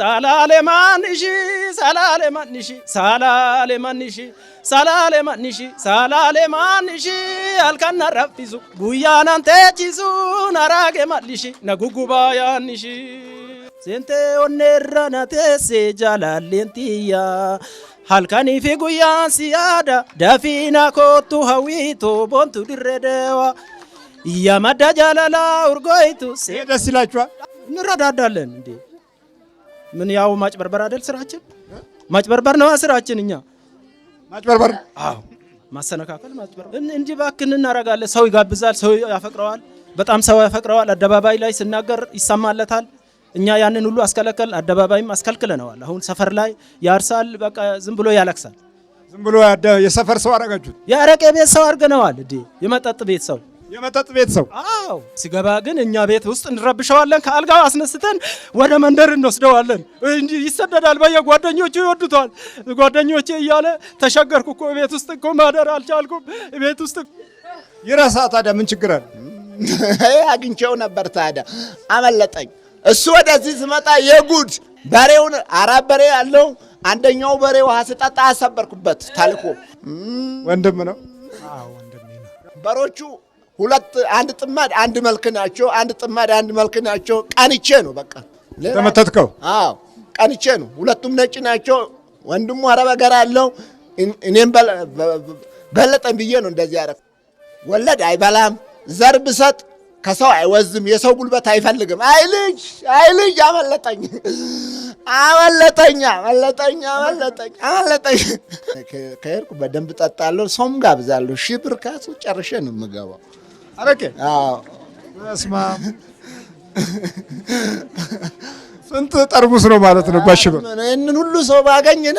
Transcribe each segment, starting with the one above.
ሳላሌ ማንሺ ሳላሌ ማንሺ ሳላሌ ማንሺ ሳላሌ ማንሺ ሳላሌ ማንሺ አልካና ረፊሱ ጉያናን ተቺሱ ናራጌ ማንሺ ነጉጉባ ያንሺ ሴንቴ ኦኔራና ቴሴ ጃላሌንቲያ halkanii fi guyyaan si yaada dafiina kootu hawwiitu boontu dirree deewa iyya madda jaalalaa urgoyitu seeda silaachwa nirra daaddaalen. ምን ያው ማጭበርበር አይደል ስራችን? ማጭበርበር ነው ስራችን። እኛ ማጭበርበር፣ አዎ ማሰነካከል፣ ማጭበርበር። እንዲህ እባክህን እናደርጋለን። ሰው ይጋብዛል፣ ሰው ያፈቅረዋል፣ በጣም ሰው ያፈቅረዋል። አደባባይ ላይ ስናገር ይሰማለታል። እኛ ያንን ሁሉ አስከለከል፣ አደባባይም አስከልክለነዋል። አሁን ሰፈር ላይ ያርሳል፣ በቃ ዝም ብሎ ያለቅሳል። ዝም ብሎ የሰፈር ሰው አደረጋችሁት። የአረቄ ቤት ሰው አድርገነዋል። እንዴ የመጠጥ ቤት ሰው የመጠጥ ቤት ሰው። አዎ ሲገባ ግን እኛ ቤት ውስጥ እንረብሸዋለን። ከአልጋ አስነስተን ወደ መንደር እንወስደዋለን እንጂ ይሰደዳል። በየጓደኞቹ ይወዱታል። ጓደኞቼ እያለ ተሸገርኩ እኮ ቤት ውስጥ እኮ ማደር አልቻልኩም። ቤት ውስጥ ይረሳ። ታዲያ ምን ችግር አለ? አግኝቼው ነበር ታዲያ አመለጠኝ። እሱ ወደዚህ ስመጣ የጉድ በሬውን አራት በሬ ያለው አንደኛው በሬ ውሃ ስጠጣ አሰበርኩበት። ታልኮ ወንድም ነው። በሮቹ ሁለት አንድ ጥማድ አንድ መልክ ናቸው። አንድ ጥማድ አንድ መልክ ናቸው። ቀንቼ ነው በቃ ተመተትከው። አዎ ቀንቼ ነው። ሁለቱም ነጭ ናቸው። ወንድሙ አረብ ሀገር አለው። እኔም በለጠን ብዬ ነው እንደዚህ ያደረኩት። ወለድ አይበላም። ዘር ብሰጥ ከሰው አይወዝም። የሰው ጉልበት አይፈልግም። አይ ልጅ አይ ልጅ አመለጠኝ አመለጠኝ አመለጠኝ አመለጠኝ አመለጠኝ። ከሄድኩ በደንብ ጠጣለሁ፣ ሰውም ጋብዛለሁ። ሺህ ብር ካሱ ጨርሼ ነው የምገባው። አረቄ ስማ ስንት ጠርሙስ ነው ማለት ነው? ጓሽ ባሽበ ይህንን ሁሉ ሰው ባገኝን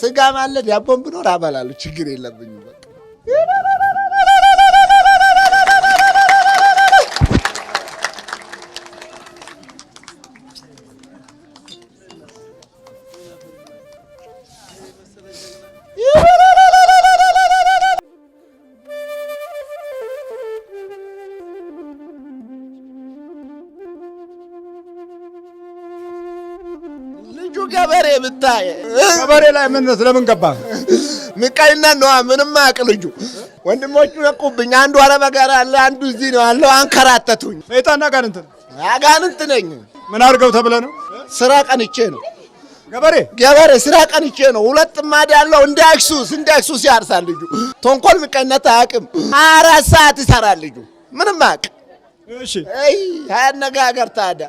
ስጋ ማለት ያቦን ብኖር አበላለሁ። ችግር የለብኝም በቃ ስታይ ከበሬ ላይ ምነት ለምን ገባ? ምቀኝነት ነዋ። ምንም አያውቅ ልጁ። ወንድሞቹ ነቁብኝ። አንዱ አረበ ጋር አለ፣ አንዱ እዚህ ነው አለ አንከራተቱኝ። ሰይጣን አጋንንት ነው። አጋንንት ነኝ። ምን አድርገው ተብለ ነው? ስራ ቀንቼ ነው ገበሬ ገበሬ ስራ ቀንቼ ነው። ሁለት ማድ ያለው እንደ አክሱስ እንደ አክሱስ ያርሳል ልጁ። ተንኮል ምቀኝነት አያውቅም። አራት ሰዓት ይሰራል ልጁ ምንም አያውቅም። እሺ አይ አነጋገር ታዲያ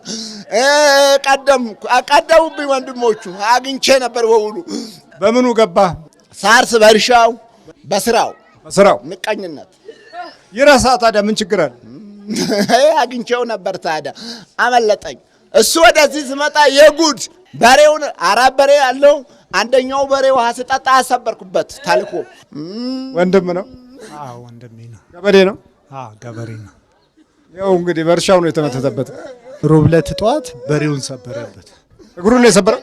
ቀደም ቀደሙብኝ ወንድሞቹ አግኝቼ ነበር። በውሉ በምኑ ገባ ሳርስ በእርሻው በስራው በስራው ምቀኝነት ይረሳ ታዲያ ምን ችግር አለ? አግኝቼው ነበር ታዲያ አመለጠኝ። እሱ ወደዚህ ስመጣ የጉድ በሬውን አራት በሬ አለው አንደኛው በሬ ውሃ ስጠጣ አሰበርኩበት። ታልኮ ወንድም ነው። አዎ ወንድሜ ነው። ገበሬ ነው። ገበሬ ነው። ያው እንግዲህ በእርሻው ነው የተመተተበት። ሩብለት ጠዋት በሬውን ሰበረበት። እግሩን ነው የሰበረው።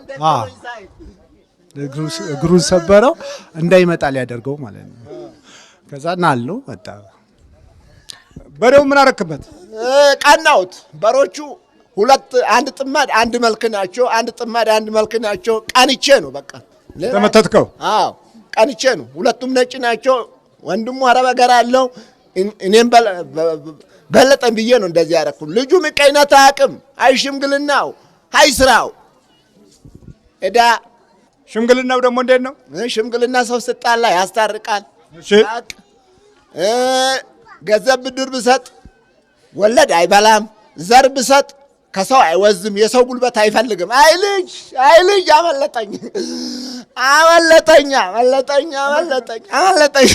እግሩን ሰበረው እንዳይመጣ ሊያደርገው ማለት ነው። ከዛ ናለው መጣ። በሬው ምን አረክበት? ቀናውት። በሮቹ ሁለት አንድ ጥማድ አንድ መልክ ናቸው። አንድ ጥማድ አንድ መልክ ናቸው። ቀንቼ ነው በቃ ተመተትከው። አዎ ቀንቼ ነው። ሁለቱም ነጭ ናቸው። ወንድሙ አረበገር አለው እኔም በለጠን ብዬ ነው እንደዚህ ያረኩ። ልጁ ምቀኝነት አያውቅም። አይ ሽምግልናው፣ አይ ስራው እዳ ሽምግልናው ደግሞ እንዴት ነው? ሽምግልና ሰው ስጣላ ያስታርቃል። ገንዘብ ብድር ብሰጥ ወለድ አይበላም። ዘር ብሰጥ ከሰው አይወዝም። የሰው ጉልበት አይፈልግም። አይ ልጅ አይ ልጅ አመለጠኝ አመለጠኝ አመለጠኝ አመለጠኝ አመለጠኝ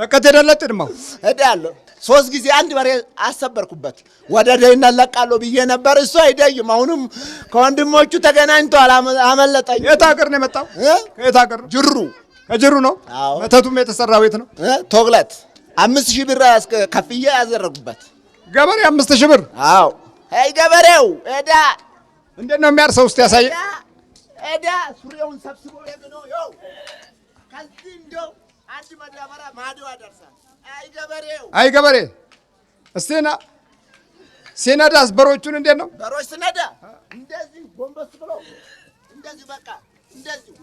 ለቀት ሄደለት ድማው ሄዳለሁ ሶስት ጊዜ አንድ በሬ አሰበርኩበት። ወደ ደህና እናለቃለሁ ብዬ ነበር። እሱ አይደይም። አሁንም ከወንድሞቹ ተገናኝተዋል። አመለጠኝ። የት ሀገር ነው የመጣው? ከየት ሀገር? ጅሩ። ከጅሩ ነው። መተቱም የተሰራ ቤት ነው። ቶግለት አምስት ሺህ ብር ከፍዬ ያዘረጉበት ገበሬ አምስት ሺህ ብር። አዎ አይ ገበሬው ሄዳ እንዴት ነው የሚያርሰው? ውስጥ ያሳየ ሄዳ ሱሪውን ሰብስቦ ነው ከዚህ እንደው አንድ መዳበራ ማዶ ያደርሳል አይ ገበሬ እስቴና ሲነዳስ በሮቹን እንዴት ነው? በሮች ስነዳ እንደዚህ ጎንበስ ብሎ እንደዚህ በቃ እንደዚህ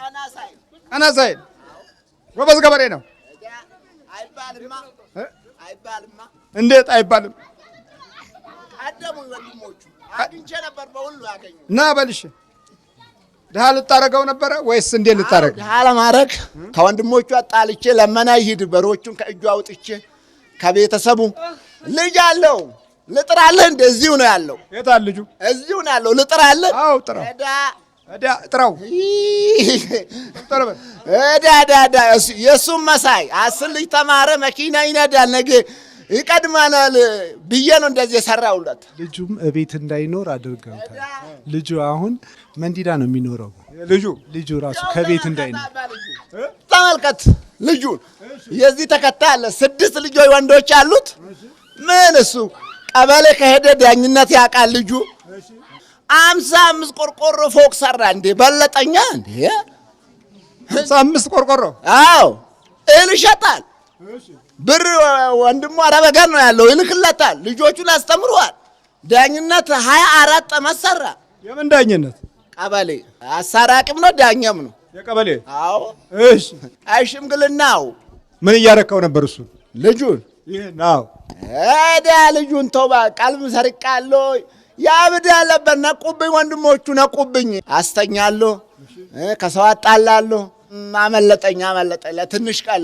ቀና ሳይል ቀና ሳይል ጎበዝ ገበሬ ነው አይባልማ፣ አይባልማ። እንዴት አይባልም? ቀደሙ ወንድሞቹ አግኝቼ ነበር፣ በሁሉ ያገኘ ና በልሽ ድሃ ልታረገው ነበረ ወይስ እንዴ ልታረግ? ድሃ ለማድረግ ከወንድሞቿ ጣልቼ ለመና ይሂድ በሮቹን ከእጁ አውጥቼ ከቤተሰቡ ልጅ አለው ልጥራለህ እንደ እዚሁ ነው ያለው። የታ አለ ልጁ? እዚሁ ነው ያለው። ልጥራለህ? አዎ ጥራው። እዳ እዳ ጥራው። እዳ እዳ እዳ የእሱም መሳይ አስር ልጅ ተማረ፣ መኪና ይነዳል፣ ነገ ይቀድማናል ብዬ ነው እንደዚህ የሰራውለት። ልጁም እቤት እንዳይኖር አድርገውታል። ልጁ አሁን መንዲዳ ነው የሚኖረው ልጁ ልጁ ራሱ ከቤት እንዳይ ነው። ተመልከት ልጁ የዚህ ተከታይ አለ። ስድስት ልጆች ወንዶች አሉት። ምን እሱ ቀበሌ ከሄደ ዳኝነት ያውቃል ልጁ። አምሳ አምስት ቆርቆሮ ፎቅ ሰራ እንዴ በለጠኛ እንዴ አምሳ አምስት ቆርቆሮ አዎ፣ እህል ይሸጣል ብር ወንድሙ አረብ አገር ነው ያለው፣ ይልክለታል። ልጆቹን አስተምሯል። ዳኝነት ሀያ አራት ጠመት ሰራ። የምን ዳኝነት ቀበሌ አሳራቂም ነው ዳኛም ነው የቀበሌ። አዎ እሺ። አይ ሽምግልናው ምን እያረካው ነበር? እሱ ልጁን ይሄን አዎ እዳ ልጁን ተው፣ ቀልብ ሰርቃለሁ። ያብድ ያለበት ነቁብኝ፣ ወንድሞቹ ነቁብኝ፣ አስተኛሎ ከሰው አጣላለሁ። አመለጠኝ አመለጠኝ፣ ለትንሽ ቀን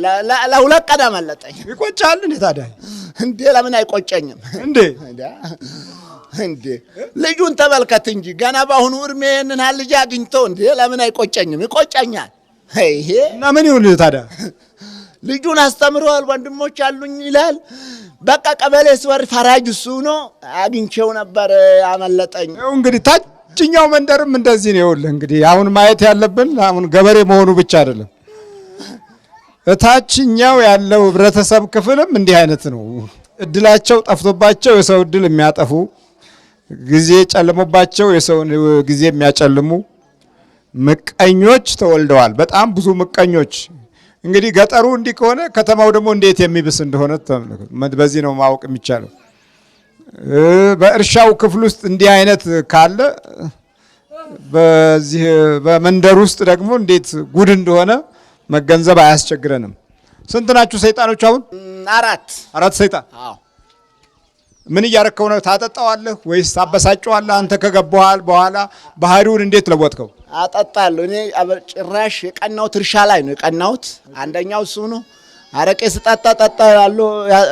ለሁለት ቀን አመለጠኝ። ይቆጫል እንዴ ታዲያ? እንዴ ለምን አይቆጨኝም እንዴ? እንዴ ልጁን ተመልከት እንጂ ገና በአሁኑ እድሜ ይህንን ልጅ አግኝቶ እንዴ ለምን አይቆጨኝም? ይቆጨኛል። ይሄ እና ምን ይሁን ታዲያ ልጁን አስተምረዋል። ወንድሞች አሉኝ ይላል። በቃ ቀበሌ ስወር ፈራጅ እሱ ነው። አግኝቼው ነበር አመለጠኝ። እንግዲህ ታችኛው መንደርም እንደዚህ ነው። ይኸውልህ እንግዲህ አሁን ማየት ያለብን አሁን ገበሬ መሆኑ ብቻ አይደለም፣ እታችኛው ያለው ህብረተሰብ ክፍልም እንዲህ አይነት ነው። እድላቸው ጠፍቶባቸው የሰው እድል የሚያጠፉ ጊዜ ጨልሞባቸው የሰውን ጊዜ የሚያጨልሙ ምቀኞች ተወልደዋል። በጣም ብዙ ምቀኞች። እንግዲህ ገጠሩ እንዲህ ከሆነ ከተማው ደግሞ እንዴት የሚብስ እንደሆነ በዚህ ነው ማወቅ የሚቻለው። በእርሻው ክፍል ውስጥ እንዲህ አይነት ካለ በዚህ በመንደር ውስጥ ደግሞ እንዴት ጉድ እንደሆነ መገንዘብ አያስቸግረንም። ስንት ናችሁ ሰይጣኖች? አሁን አራት አራት ሰይጣን ምን እያረከው ነው? ታጠጣዋለህ ወይስ ታበሳጨዋለህ? አንተ ከገባሃል በኋላ ባህሪውን እንዴት ለወጥከው? አጠጣለሁ። እኔ ጭራሽ የቀናሁት እርሻ ላይ ነው የቀናሁት። አንደኛው እሱ ነው። አረቄ ስጠጣ ጠጣ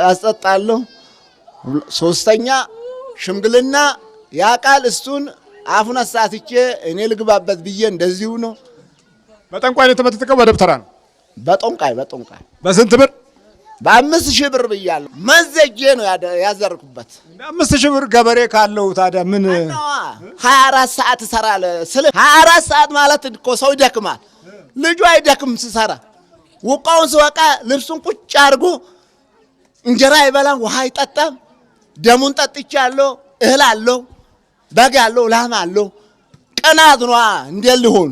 ያስጠጣለሁ። ሶስተኛ ሽምግልና ያ ቃል እሱን አፉን አሳትቼ እኔ ልግባበት ብዬ እንደዚሁ ነው። በጠንቋይ ነው የተመተተቀው። በደብተራ ነው። በጠንቋይ በጠንቋይ በስንት ብር በአምስት ሺህ ብር ብያለሁ። መዘጌ ነው ያዘርኩበት። አምስት ሺህ ብር ገበሬ ካለው ታዲያ ምን ሀያ አራት ሰዓት እሰራለሁ ስል ሀያ አራት ሰዓት ማለት እኮ ሰው ይደክማል። ልጁ አይደክም ስሰራ። ውቃውን ስወቃ ልብሱን ቁጭ አድርጎ እንጀራ አይበላም፣ ውሃ አይጠጣም። ደሙን ጠጥቻለሁ። እህል አለው፣ በግ አለው፣ ላም አለው። ቅናት ነዋ። እንዴ ሊሆን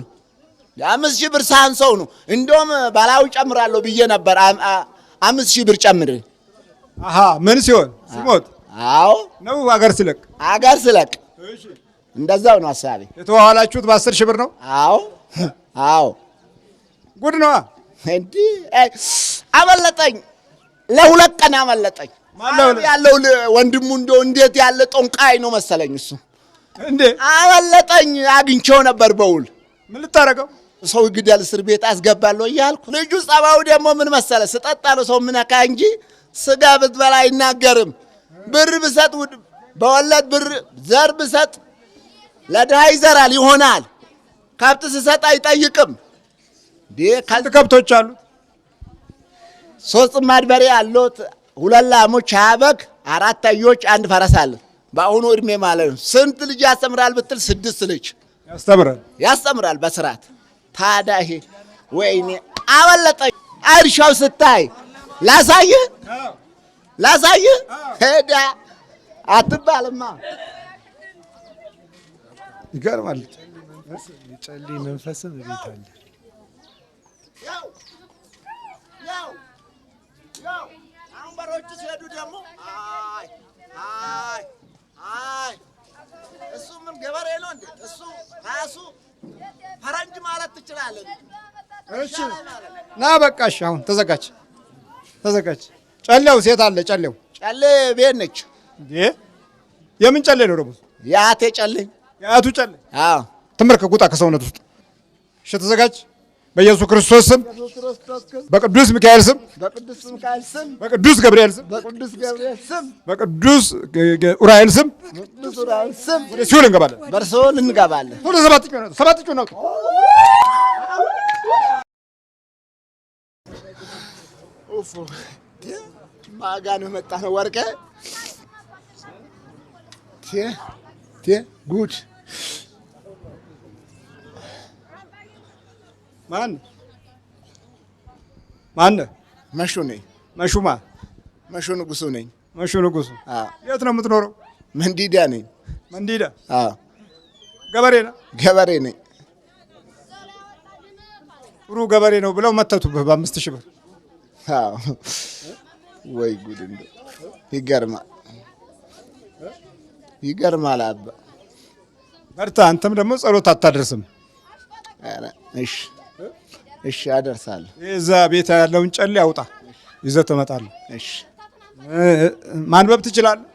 የአምስት ሺህ ብር ሳህን ሰው ነው። እንዲሁም በላዩ ጨምራለሁ ብዬ ነበር አምስት ሺህ ብር ጨምር። አሀ ምን ሲሆን ሲሞት? አዎ ነው አገር ስለቅ አገር ስለቅ እንደዛው ነው ሀሳቢ። የተዋዋላችሁት በአስር ሺህ ብር ነው? አዎ አዎ። ጉድ ነዋ። እንዲህ አመለጠኝ፣ ለሁለት ቀን አመለጠኝ። ያለው ወንድሙ እንደው እንዴት ያለ ጦንቃይ ነው መሰለኝ እሱ። እንዴ አመለጠኝ። አግኝቼው ነበር በውል ምን ልታረገው ሰው ግደል እስር ቤት አስገባለሁ እያልኩ ልጁ ጸባዩ ደግሞ ምን መሰለ ስጠጣ ነው ሰው ምነካ እንጂ ስጋ ብትበላ አይናገርም። ብር ብሰጥ በወለድ ብር ዘር ብሰጥ ለድሃ ይዘራል ይሆናል። ከብት ስሰጥ አይጠይቅም። ከብቶች አሉ ሶስት ጥማድ አሎት አሉት፣ ሁለት ላሞች፣ ሀያ አራት አህዮች፣ አንድ ፈረስ አለ። በአሁኑ እድሜ ማለት ነው። ስንት ልጅ ያስተምራል ብትል ስድስት ልጅ ያስተምራል። ያስተምራል በስርዓት ታዳሄ ወይኔ አበለጠ። እርሻው ስታይ ላሳይህ ላሳይህ ሄዳ አትባልማ። ይገርማል። ጨሌ መንፈስም ቤት አለ። አሁን በሮቹ ሲሄዱ ደግሞ እሱ ምን ገበሬ ነው እንዴ? እሱ ራሱ ፈረንጅ ማለት ትችላለህ። እሺ ና በቃሽ፣ አሁን ተዘጋጅ ተዘጋጅ። ጨሌው ሴት አለ። ጨሌው ጨሌ ቤት ነች። የምን ጨሌ ነው ደግሞ? የአቴ ጨሌ፣ የአቱ ጨሌ። አዎ ትመርከ ከሰውነት ውስጥ እሺ። ተዘጋጅ በኢየሱስ ክርስቶስ ስም በቅዱስ ሚካኤል ስም በቅዱስ ገብርኤል ስም በቅዱስ ኡራኤል ስም ወደ ሲኦል እንገባለን። በርሶን እንገባለን። ሰባት ነው። ማጋ ነው የመጣ ነው ወርቄ ጉድ ማን ማን? መሹ ነኝ። መሹማ መሹ ንጉሱ ነኝ። መሹ ንጉሱ። የት ነው የምትኖረው? መንዲዳ ነኝ። መንዲዳ። አዎ። ገበሬ ነህ? ገበሬ ነኝ። ጥሩ ገበሬ ነው ብለው መተቱብህ በአምስት ሺህ ብር። ወይ ጉድ! እንደው ይገርማ ይገርማል። አባ በርታ። አንተም ደግሞ ጸሎት አታደርስም። እሺ እሺ አደርሳለሁ። እዛ ቤት ያለውን ጨሌ ያውጣ ይዘህ ትመጣለህ። እሺ ማንበብ ትችላለህ?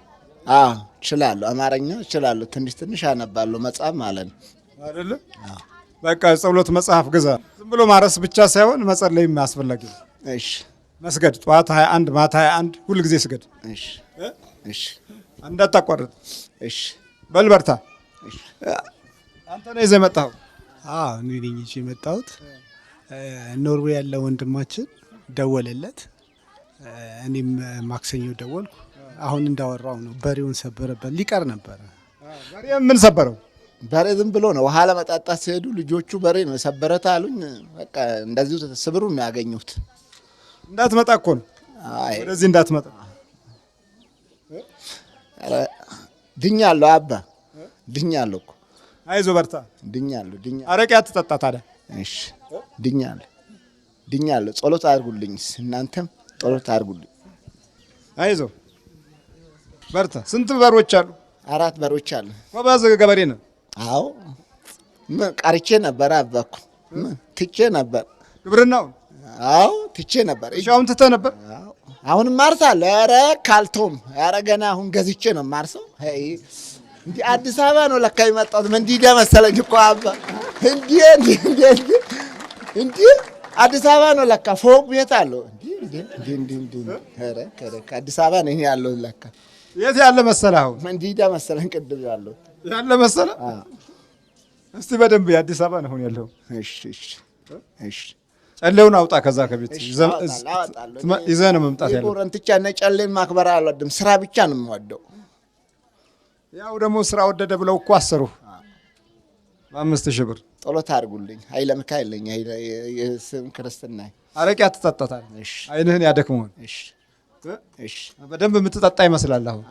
አዎ እችላለሁ። አማርኛ እችላለሁ። ትንሽ ትንሽ አነባለሁ። መጽሐፍ ማለት ነው አይደለ? በቃ ጸሎት መጽሐፍ ግዛ። ዝም ብሎ ማረስ ብቻ ሳይሆን መጸለይም አስፈላጊ ነው። እሺ መስገድ ጠዋት 21 ማታ 21 ሁል ጊዜ ስገድ። እሺ እሺ እንዳታቋርጥ። እሺ በል በርታ። አንተ ነው ይዘህ መጣኸው? አዎ እኔ ነኝ ይዤ የመጣሁት። ኖርዌይ ያለ ወንድማችን ደወለለት። እኔም ማክሰኞ ደወልኩ። አሁን እንዳወራው ነው። በሬውን ሰበረበት። ሊቀር ነበረ። ምን ሰበረው? በሬ ዝም ብሎ ነው። ውሃ ለመጣጣት ሲሄዱ ልጆቹ በሬ ነው ሰበረት አሉኝ። በቃ እንደዚሁ ስብሩ የሚያገኙት እንዳትመጣ እኮ ነው። ወደዚህ እንዳትመጣ አለሁ አባ ድኛለሁ እኮ አይዞ በርታ። አለሁ ድኛ አረቄ አትጠጣ ታዲያ። እሺ ድኛለሁ ድኛለሁ። ጸሎት አድርጉልኝ፣ እናንተም ጸሎት አድርጉልኝ። አይዞ በርታ። ስንት በሮች አሉ? አራት በሮች አሉ። ጎበዝ ገበሬ ነው። አዎ ቀርቼ ነበር፣ አባኩ ትቼ ነበር ግብርናው። አዎ ትቼ ነበር። አሁን ትተህ ነበር። አሁን ማርሳለሁ። ኧረ ካልቶም ኧረ ገና አሁን ገዝቼ ነው ማርሰው። እንዲህ አዲስ አበባ ነው ለካ የመጣሁት። እንዲህ መሰለኝ እኮ አባ እንዲህ እንዲህ እንዲህ እንዲ አዲስ አበባ ነው ለካ ፎቅ ቤት አለው። አዲስ አበባ ነው ያለው ለካ። የት ያለ መሰለህ? አሁን እንዲዳ መሰለህ? ቅድም ያለው ያለ መሰለህ? እስቲ በደንብ የአዲስ አበባ ነው ያለው። እሺ፣ እሺ፣ እሺ። ጨሌውን አውጣ ከዛ ከቤት ይዘህ ነው መምጣት ያለው። ረንትቻ እና ጨሌን ማክበር አልወድም። ስራ ብቻ ነው የምወደው። ያው ደግሞ ስራ ወደደ ብለው እኮ አሰሩ። አምስት ሺህ ብር ጦሎት አድርጉልኝ። ኃይለ ሚካኤል ነኝ። ስም ክርስትና አረቄ አትጠጣታል። አይንህን ያደክመውን በደንብ የምትጠጣ ይመስላል። አሁን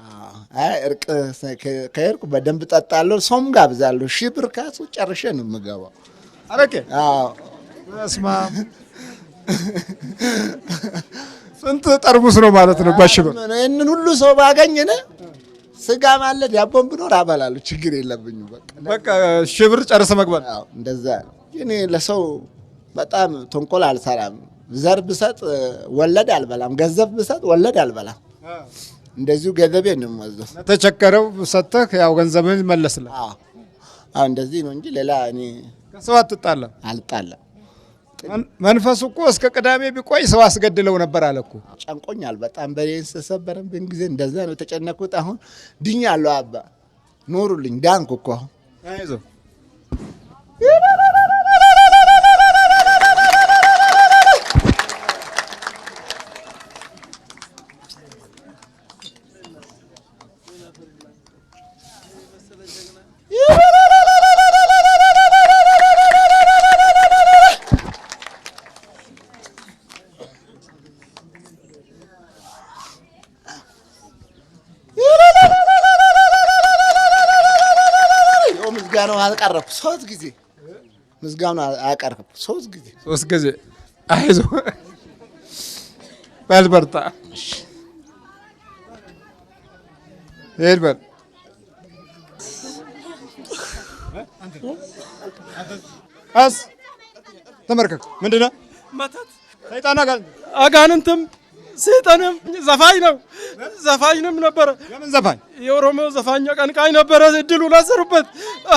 ከእርቅ በደንብ ጠጣለሁ። ሰውም ጋብዛለሁ። ሺህ ብር ካሱ ጨርሼ ነው የምገባው። አረቄ ስማ፣ ስንት ጠርሙስ ነው ማለት ነው? ባሽ ይህንን ሁሉ ሰው ባገኝነ ስጋ ማለት ዳቦም ብኖር አበላሉ ችግር የለብኝም። በቃ ሺህ ብር ጨርሰ መግባት እንደዛ ነው። እኔ ለሰው በጣም ተንኮል አልሰራም። ዘር ብሰጥ ወለድ አልበላም። ገንዘብ ብሰጥ ወለድ አልበላም። እንደዚሁ ገንዘቤ እንመዘፍ ተቸከረው ሰተህ ያው ገንዘብህን መለስልህ። እንደዚህ ነው እንጂ ሌላ እኔ ከሰው አትጣለም አልጣለም። መንፈሱ እኮ እስከ ቅዳሜ ቢቆይ ሰው አስገድለው ነበር አለ እኮ። ጨንቆኛል በጣም በሬን ስሰበረብኝ ጊዜ እንደዛ ነው የተጨነኩት። አሁን አለው አባ ኖሩልኝ፣ ዳንኩ እኮ አሁን አቀረብኩ ሶስት ጊዜ ምዝጋና አቀረብኩ ሶስት ጊዜ ሶስት ጊዜ። አይዞ በል በርታ፣ ሄድ በል አስ ተመርከክ ምንድን ነው መተት ሰይጣን አጋንንትም ሰይጣንም ዘፋኝ ነው ዘፋኝንም ነበረ የምን ዘፋኝ? የኦሮሞ ዘፋኝ አቀንቃኝ ነበረ። እድሉን አሰሩበት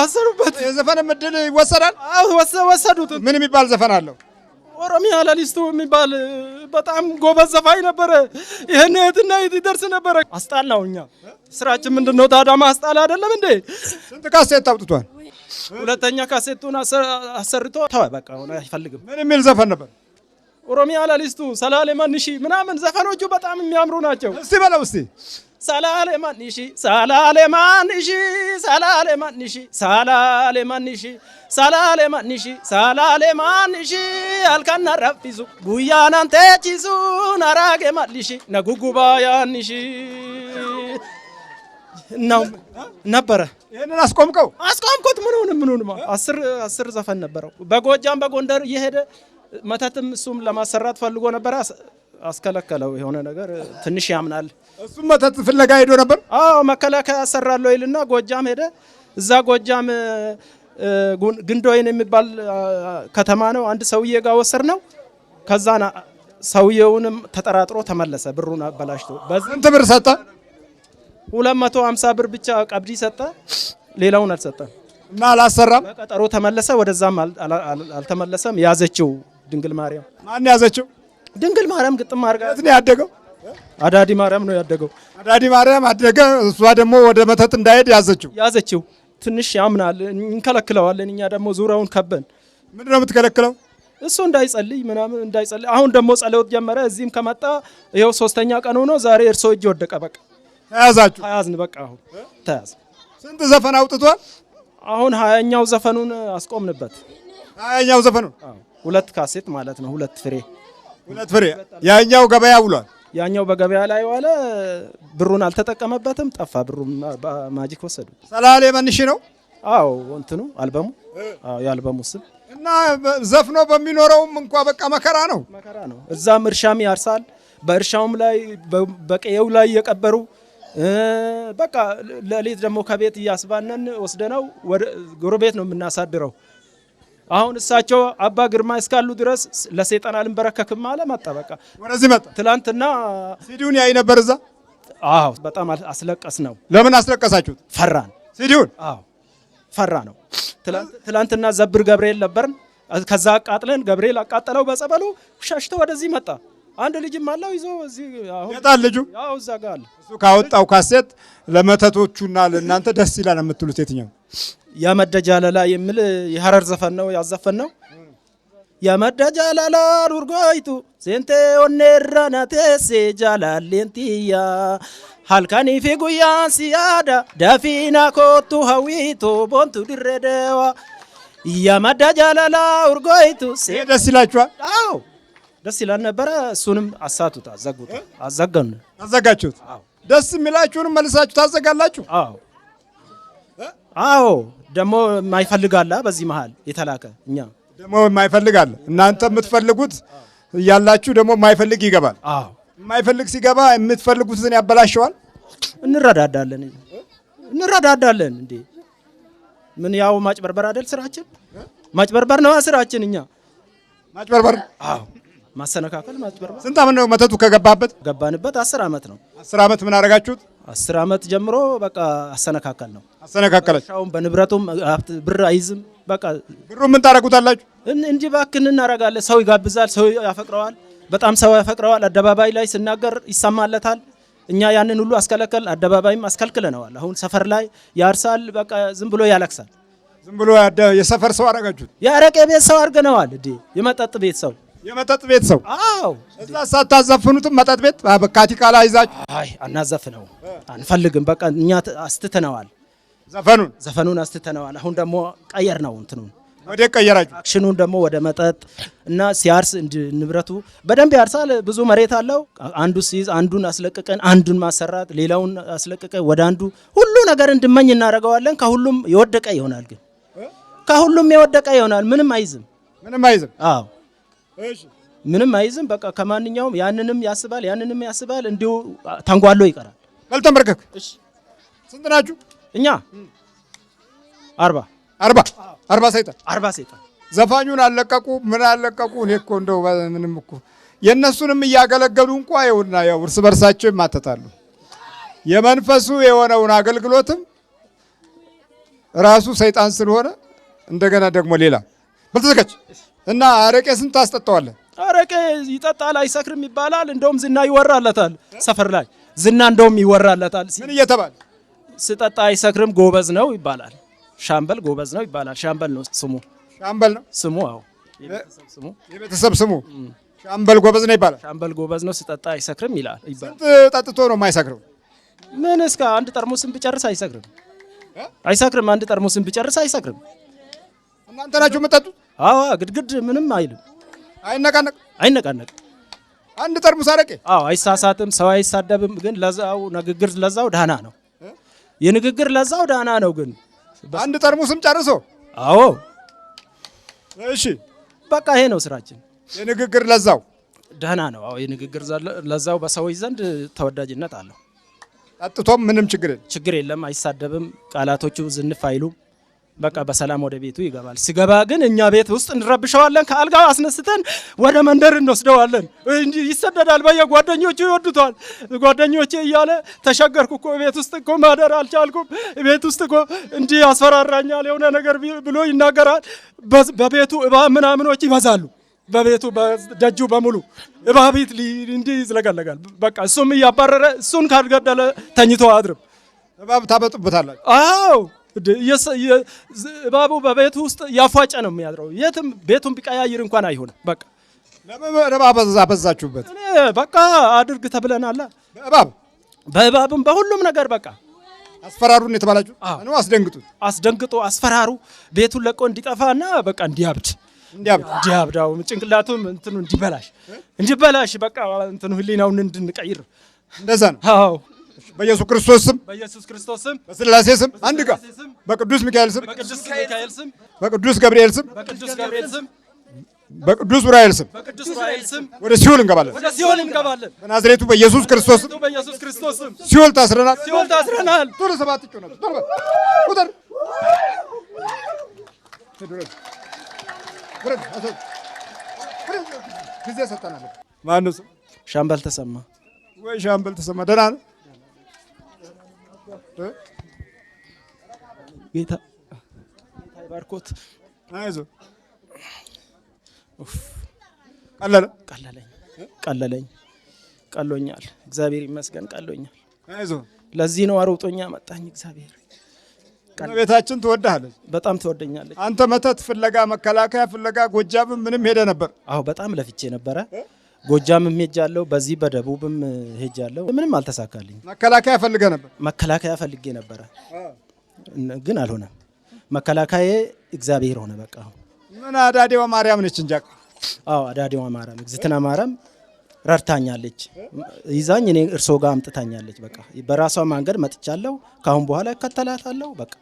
አሰሩበት። የዘፈንም እድል ይወሰዳል። ወሰዱት። ምን የሚባል ዘፈን አለው? ኦሮሚያ ለሊስቱ የሚባል በጣም ጎበዝ ዘፋኝ ነበረ። ይህን የትና የት ይደርስ ነበረ። አስጣላው። እኛ ስራችን ምንድን ነው ታዲያ? ማስጣል አይደለም እንዴ? ስንት ካሴት አውጥቷል? ሁለተኛ ካሴቱን አሰርቶ ተወ። በቃ አይፈልግም። ምን የሚል ዘፈን ነበር? ኦሮሚያ ለሊስቱ፣ ሰላሌ መንሺ ምናምን ዘፈኖቹ በጣም የሚያምሩ ናቸው። እስቲ በለው እስቲ ሳላለማንሺ ሳላለማንሺ ሳላለማንሺ ሳላለማንሺ ሳላለማንሺ ሳላለማንሺ አልካና ረፊሱ ጉያናን ተቺሱ ናራገ ማልሺ ነጉጉባያንሺ ነው ነበረ። ይሄንን አስቆምቀው አስቆምኩት። ምኑን ምኑንማ አስር አስር ዘፈን ነበረው። በጎጃም በጎንደር እየሄደ መተትም እሱም ለማሰራት ፈልጎ ነበረ። አስከለከለው የሆነ ነገር ትንሽ ያምናል። እሱም መጠጥ ፍለጋ ሄዶ ነበር። አዎ መከላከያ ያሰራለሁ ይልና ጎጃም ሄደ። እዛ ጎጃም ግንዶይን የሚባል ከተማ ነው። አንድ ሰውዬ ጋር ወሰድ ነው። ከዛ ሰውየውንም ተጠራጥሮ ተመለሰ። ብሩን አበላሽቶ በስንት ብር ሰጠ? 250 ብር ብቻ ቀብዲ ሰጠ። ሌላውን አልሰጠም እና አላሰራም። በቀጠሮ ተመለሰ። ወደዛም አልተመለሰም። ያዘችው ድንግል ማርያም። ማን ያዘችው? ድንግል ማርያም ግጥም አድርጋት ነው ያደገው። አዳዲ ማርያም ነው ያደገው። አዳዲ ማርያም አደገ። እሷ ደግሞ ወደ መተት እንዳይሄድ ያዘችው ያዘችው። ትንሽ ያምናል፣ እንከለክለዋለን። እኛ ደግሞ ዙሪያውን ከበን ምንድን ነው የምትከለክለው? እሱ እንዳይጸልይ ምናምን እንዳይጸልይ። አሁን ደግሞ ጸሎት ጀመረ። እዚህም ከመጣ ይኸው ሶስተኛ ቀን ሆኖ ዛሬ እርሶ እጅ ወደቀ። በቃ ተያዛችሁ? ተያዝን። በቃ አሁን ተያዝ። ስንት ዘፈን አውጥቷል? አሁን ሀያኛው ዘፈኑን አስቆምንበት። ሀያኛው ዘፈኑን ሁለት ካሴት ማለት ነው፣ ሁለት ፍሬ ሁለት ፍሬ ያኛው ገበያ ውሏል። ያኛው በገበያ ላይ ዋለ። ብሩን አልተጠቀመበትም፣ ጠፋ። ብሩ ማጂክ ወሰዱ። ሰላሌ መንሽ ነው። አዎ እንትኑ አልበሙ፣ አዎ የአልበሙ ስም እና ዘፍኖ በሚኖረውም እንኳ በቃ መከራ ነው፣ መከራ ነው። እዛም እርሻም ያርሳል። በእርሻውም ላይ በቀየው ላይ እየቀበሩ በቃ ለሌት ደግሞ ከቤት እያስባነን ወስደነው ጎረቤት ነው የምናሳድረው። አሁን እሳቸው አባ ግርማ እስካሉ ድረስ ለሰይጣን አልንበረከክም አለ። ማጠበቃ ወደዚህ መጣ። ትላንትና ሲዲውን ያይ ነበር እዛ። አዎ በጣም አስለቀስ ነው። ለምን አስለቀሳችሁት? ፈራን። ሲዲውን አዎ ፈራ ነው። ትላንትና ዘብር ገብርኤል ነበርን። ከዛ አቃጥለን ገብርኤል አቃጠለው በጸበሉ ሸሽቶ ወደዚህ መጣ። አንድ ልጅም አለው ይዞ እዚህ አሁን ይመጣል። ልጁ ያው እዛ ጋር አለ። እሱ ካወጣው ካሴት ለመተቶቹና ለእናንተ ደስ ይላል የምትሉት የትኛው ያመደጃ ለላ የሚል የሀረር ዘፈን ነው ያዘፈን ነው። ያመደጃ ለላ ዱርጎይቱ ሴንቴ ኦኔራናቴሴ ጃላሌንቲያ halkanii fi guyyaan si yaada dafiina kootu hawwiitu boontu dirree deewa ደስ ይላችኋል? አዎ ደስ ይላል ነበረ። እሱንም አሳቱት፣ አዘጉት፣ አዘጋኑ፣ አዘጋችሁት። ደስ የሚላችሁንም መልሳችሁ ታዘጋላችሁ። አዎ አዎ ደግሞ የማይፈልጋላ በዚህ መሀል የተላከ እኛ ደግሞ የማይፈልጋለ እናንተ የምትፈልጉት ያላችሁ ደግሞ የማይፈልግ ይገባል። አዎ የማይፈልግ ሲገባ የምትፈልጉትን ያበላሸዋል። እንረዳዳለን እንረዳዳለን። እንዴ ምን ያው ማጭበርበር አይደል ስራችን? ማጭበርበር ነው ስራችን። እኛ ማጭበርበር፣ አዎ ማሰነካከል፣ ማጭበርበር። ስንት ዓመት ነው መተቱ ከገባበት? ገባንበት አስር አመት ነው። አስር አመት ምን አደረጋችሁት? አስር አመት ጀምሮ በቃ አሰነካከል ነው አሰነካከላችሁ። ብር አይዝም። በቃ ብሩ ምን ታደርጉታላችሁ? እባክህን እናደርጋለን። ሰው ይጋብዛል፣ ሰው ያፈቅረዋል፣ በጣም ሰው ያፈቅረዋል። አደባባይ ላይ ስናገር ይሰማለታል። እኛ ያንን ሁሉ አስከለከል፣ አደባባይም አስከልክለነዋል። አሁን ሰፈር ላይ ያርሳል፣ በቃ ዝም ብሎ ያለቅሳል። ዝም ብሎ የሰፈር ሰው አደረጋችሁት። የአረቄ ቤት ሰው አድርገነዋል። የመጠጥ ቤት ሰው የመጠጥ ቤት ሰው አዎ። እዛ ሳታዘፍኑትም መጠጥ ቤት በካቲካላ ይዛችሁ አይ፣ አናዘፍነው፣ አንፈልግም። በቃ እኛ አስትተነዋል። ዘፈኑን ዘፈኑን አስትተነዋል። አሁን ደግሞ ቀየር ነው እንትኑን ወደ ቀየራችሁ አክሽኑን ደግሞ ወደ መጠጥ እና ሲያርስ ንብረቱ በደንብ ያርሳል። ብዙ መሬት አለው። አንዱ ሲይዝ አንዱን አስለቅቀን አንዱን ማሰራት ሌላውን አስለቅቀን ወደ አንዱ ሁሉ ነገር እንድመኝ እናደርገዋለን። ከሁሉም የወደቀ ይሆናል። ግን ከሁሉም የወደቀ ይሆናል። ምንም አይዝም፣ ምንም አይዝም። አዎ እሺ፣ ምንም አይዝም። በቃ ከማንኛውም ያንንም ያስባል፣ ያንንም ያስባል። እንዲሁ ተንጓሎ ይቀራል። መልተመርከክ እሺ፣ ስንት ናችሁ? እኛ አርባ አርባ አርባ ሰይጣን አርባ ሰይጣን ዘፋኙን አለቀቁ ምን አለቀቁ። እኔ እኮ እንደው ምንም እኮ የእነሱንም እያገለገሉ እንኳ ይኸውና ያው እርስ በርሳቸው ይማተታሉ። የመንፈሱ የሆነውን አገልግሎትም ራሱ ሰይጣን ስለሆነ እንደገና ደግሞ ሌላ በልተዘጋጅ እና አረቄ ስንት አስጠጣዋለን? አረቄ ይጠጣል አይሰክርም ይባላል። እንደውም ዝና ይወራለታል ሰፈር ላይ ዝና እንደውም ይወራለታል ምን እየተባለ ስጠጣ አይሰክርም ጎበዝ ነው ይባላል። ሻምበል ጎበዝ ነው ይባላል። ሻምበል ነው ስሙ። ሻምበል ነው ስሙ። አዎ የቤተሰብ ስሙ ሻምበል ጎበዝ ነው ይባላል። ሻምበል ጎበዝ ነው ስጠጣ አይሰክርም ይላል። ስንት ጠጥቶ ነው የማይሰክረው? ምን እስከ አንድ ጠርሙስን ብጨርስ አይሰክርም። አይሰክርም። አንድ ጠርሙስን ብጨርስ አይሰክርም። እናንተ ናችሁ የምጠጡት? አዎ ግድግድ ምንም አይልም። አይነቃነቅ አይነቃነቅ። አንድ ጠርሙስ አረቄ። አዎ አይሳሳትም። ሰው አይሳደብም። ግን ለዛው ንግግር ለዛው ዳና ነው የንግግር ለዛው ዳና ነው። ግን አንድ ጠርሙስም ጨርሶ አዎ። እሺ በቃ ይሄ ነው ስራችን። የንግግር ለዛው ዳና ነው። አዎ የንግግር ለዛው በሰዎች ዘንድ ተወዳጅነት አለው። ጠጥቶም ምንም ችግር ችግር የለም፣ አይሳደብም። ቃላቶቹ ዝንፍ አይሉም። በቃ በሰላም ወደ ቤቱ ይገባል። ሲገባ ግን እኛ ቤት ውስጥ እንረብሸዋለን። ከአልጋው አስነስተን ወደ መንደር እንወስደዋለን። ይሰደዳል። በየ ጓደኞቹ ይወዱታል። ጓደኞቼ እያለ ተሸገርኩ እኮ ቤት ውስጥ እኮ ማደር አልቻልኩም። ቤት ውስጥ እኮ እንዲህ ያስፈራራኛል የሆነ ነገር ብሎ ይናገራል። በቤቱ እባብ ምናምኖች ይበዛሉ። በቤቱ ደጁ በሙሉ እባቢት እንዲህ ይዝለገለጋል። በቃ እሱም እያባረረ እሱን ካልገደለ ተኝቶ አድርም እባብ ታበጡበታላችሁ። አዎ እባቡ በቤት ውስጥ ያፏጨ ነው የሚያድረው። የትም ቤቱን ቢቀያይር እንኳን አይሆንም። በቃ እባብ በዛችሁበት በቃ አድርግ ተብለናል። በእባብ በእባብም በሁሉም ነገር በቃ አስፈራሩን የተባላችሁ አስደንግጡ አስደንግጦ አስፈራሩ ቤቱን ለቆ እንዲጠፋ እንዲጠፋና በቃ እንዲያብድ እንዲያብዳው ጭንቅላቱም እንትኑ እንዲበላሽ እንዲበላሽ በቃ እንትኑ ህሊናውን እንድንቀይር እንደዛ ነው። በኢየሱስ ክርስቶስ ስም በኢየሱስ ክርስቶስ ስም በስላሴ ስም አንድ ጋር በቅዱስ ሚካኤል ስም በቅዱስ ገብርኤል ስም በቅዱስ ገብርኤል ስም ዑራኤል ስም ወደ ሲኦል እንገባለን። በናዝሬቱ በኢየሱስ ክርስቶስ ስም ሲኦል ታስረናል። ቶሎ ሰባት ጩኸት ነው። ቁጥር ጊዜ ሰጠናል። ማነው? ሻምበል ተሰማ ወይ ሻምበል ተሰማ ደህና ነው ጌታ ባርኮት አይዞህ። ቀለለ ቀለለኝ ቀለለኝ ቀሎኛል። እግዚአብሔር ይመስገን ቀሎኛል። አይዞህ። ለዚህ ነው አሮጦኛ መጣኝ። እግዚአብሔር ቤታችን ትወዳለች፣ በጣም ትወደኛለች። አንተ መተት ፍለጋ መከላከያ ፍለጋ ጎጃብም ምንም ሄደ ነበር። አዎ በጣም ለፍቼ ነበረ። ጎጃምም ሄጃለሁ፣ በዚህ በደቡብም ሄጃለሁ። ምንም አልተሳካልኝ። መከላከያ ፈልገ ነበር? መከላከያ ፈልጌ ነበረ ግን አልሆነም። መከላከያ እግዚአብሔር ሆነ። በቃ ምን አዳዴዋ ማርያም ነች እንጃ። አዎ አዳዴዋ ማርያም እግዝእትነ ማርያም ረድታኛለች። ይዛኝ እኔ እርሶ ጋር አምጥታኛለች። በቃ በራሷ መንገድ መጥቻለሁ። ካሁን በኋላ እከተላታለሁ። በቃ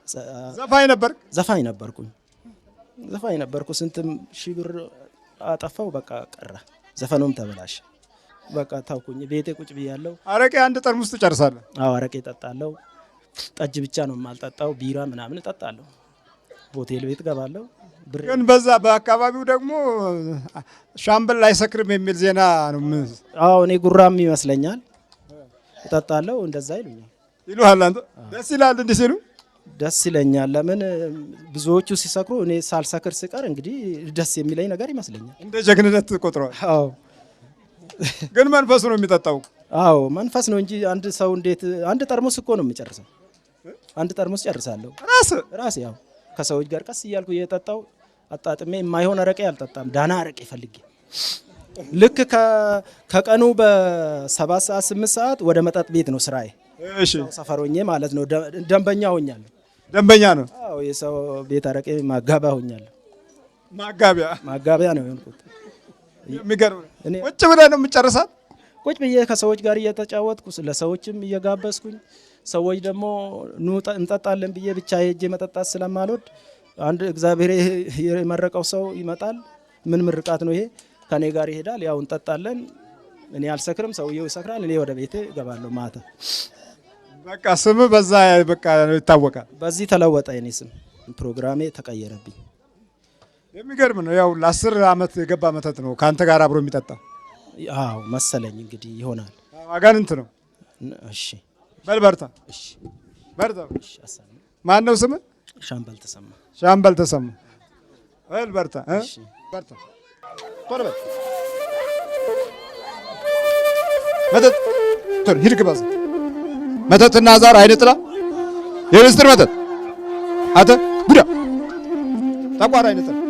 ዘፋኝ ነበር ዘፋኝ ነበርኩኝ ዘፋኝ ነበርኩ። ስንትም ሺህ ብር አጠፋው። በቃ ቀረ። ዘፈኑም ተበላሽ። በቃ ታውኩኝ። ቤቴ ቁጭ ብያለሁ። አረቄ አንድ ጠርሙስ ትጨርሳለህ? አዎ አረቄ እጠጣለሁ። ጠጅ ብቻ ነው የማልጠጣው። ቢራ ምናምን እጠጣለሁ። ሆቴል ቤት ገባለሁ። ግን በዛ በአካባቢው ደግሞ ሻምበል አይሰክርም የሚል ዜና ነው። አዎ እኔ ጉራም ይመስለኛል እጠጣለሁ። እንደዛ ይሉኛል። ይሉሃል አንተ? ደስ ይላል እንዲህ ሲሉ ደስ ይለኛል። ለምን ብዙዎቹ ሲሰክሩ እኔ ሳልሰክር ስቀር እንግዲህ ደስ የሚለኝ ነገር ይመስለኛል። እንደ ጀግንነት ቆጥረዋል። አዎ፣ ግን መንፈሱ ነው የሚጠጣው። አዎ፣ መንፈስ ነው እንጂ አንድ ሰው እንዴት አንድ ጠርሙስ እኮ ነው የሚጨርሰው። አንድ ጠርሙስ ጨርሳለሁ ራስ ራስ። ያው ከሰዎች ጋር ቀስ እያልኩ እየጠጣው አጣጥሜ የማይሆን አረቄ አልጠጣም። ዳና አረቄ ፈልጌ ልክ ከቀኑ በሰባት ሰዓት ስምንት ሰዓት ወደ መጠጥ ቤት ነው ስራዬ ሰፈሮኜ ማለት ነው። ደንበኛ ሆኛለሁ። ደንበኛ ነው። አዎ የሰው ቤት አረቄ ማጋቢያ ሆኛለሁ። ማጋቢያ ማጋቢያ ነው የሆንኩት። የሚገርም ነው። ቁጭ ብለህ ነው የምጨርሳት። ቁጭ ብዬ ከሰዎች ጋር እየተጫወትኩ ለሰዎችም እየጋበዝኩኝ ሰዎች ደግሞ ኑ እንጠጣለን ብዬ ብቻ ሄጄ መጠጣት ስለማልወድ አንድ እግዚአብሔር የመረቀው ሰው ይመጣል። ምን ምርቃት ነው ይሄ? ከኔ ጋር ይሄዳል። ያው እንጠጣለን። እኔ አልሰክርም፣ ሰውየው ይሰክራል። እኔ ወደ ቤቴ እገባለሁ ማታ በቃ ስም በዛ በቃ ይታወቃል። በዚህ ተለወጠ የኔ ስም፣ ፕሮግራሜ ተቀየረብኝ። የሚገርም ነው። ያው ለአስር አመት የገባ መተት ነው ከአንተ ጋር አብሮ የሚጠጣ አዎ መሰለኝ። እንግዲህ ይሆናል አጋንንት ነው። እሺ በል በርታ፣ እሺ በርታ። ማን ነው ስም? ሻምበል ተሰማ። ሻምበል ተሰማ በል በርታ፣ እሺ በርታ። ቶሎ በል መተት ትር ሂድ ግባ መተትና ዛር አይነ ጥላ የምስጥር መተት አተ ጉዳ ጠቋር አይነ ጥላ